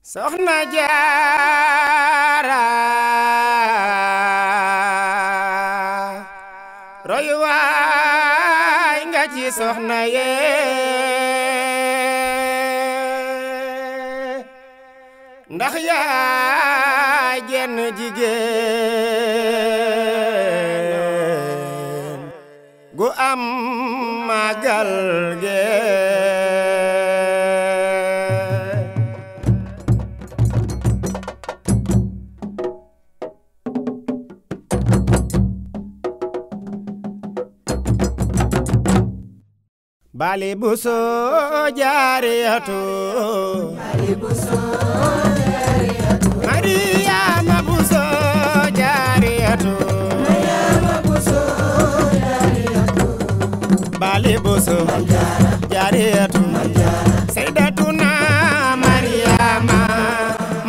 soxna jaara royu waay nga ci soxna ye ndax yaa jenn jigéen gu am magal ge bali buso jariyatu bali buso jariyatu mariama buso jariyatu mariama buso bali buso jariyatu sayyidatuna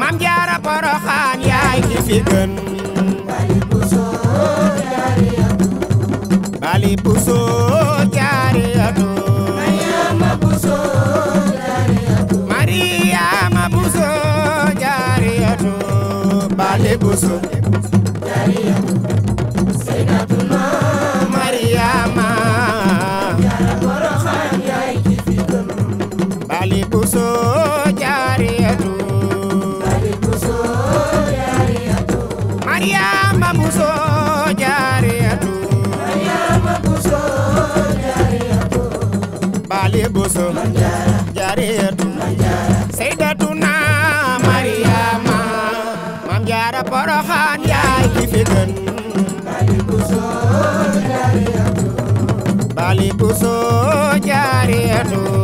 mam jaara poroxaan yaay ki bali buso jariyatu bali buso buso Bali buso jaariyatu Bali buso jaariyatu Maryama buso jaariyatu Maryama buso jaariyatu poroxaan yaay ki fi gën bali buso jaariyatu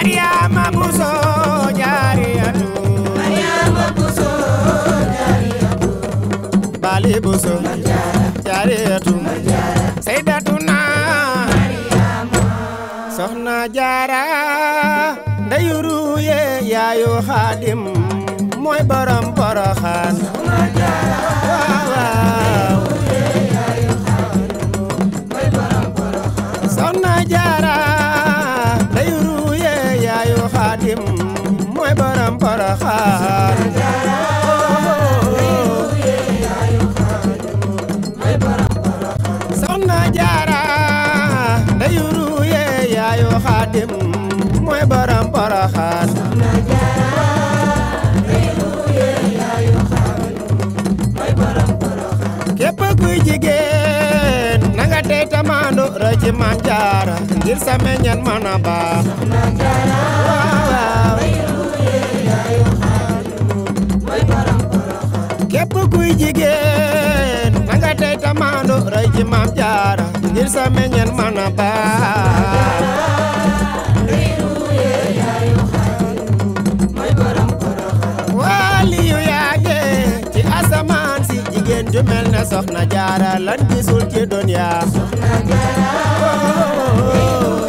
Mariama Bousso Jaariyatu Mariama Bousso Jaariyatu Bali Bousso Jaara ndeyuru ye yaayu Xaadim mooy borom boroxa xaadim mooy jaara ndeyu ruuye yaayu xaadim mooy borom poroxaan képp kuy jigéen nanga tey tamaandu rëcc jaara ngir sa meññeen mën jigéen nanga tey tamaando rey ci maam jaara ngir sa meññeen mën a baax ju mel ne soxna jaara lan gisul ci dunya soxna jaara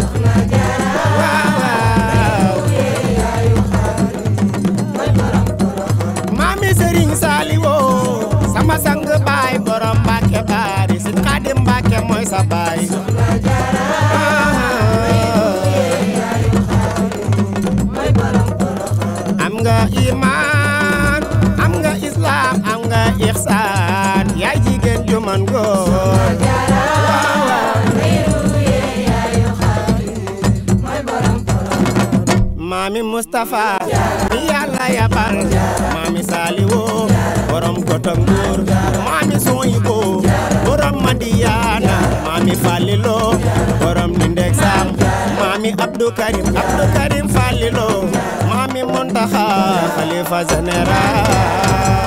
sa baay am nga iman am nga islam am nga ihsan yaay jigéen ju man góor Maami Fallilo borom ni ndeg saam Maami Abdou Karim Abdou Karim Fallilo Maami Montaxa xalifa général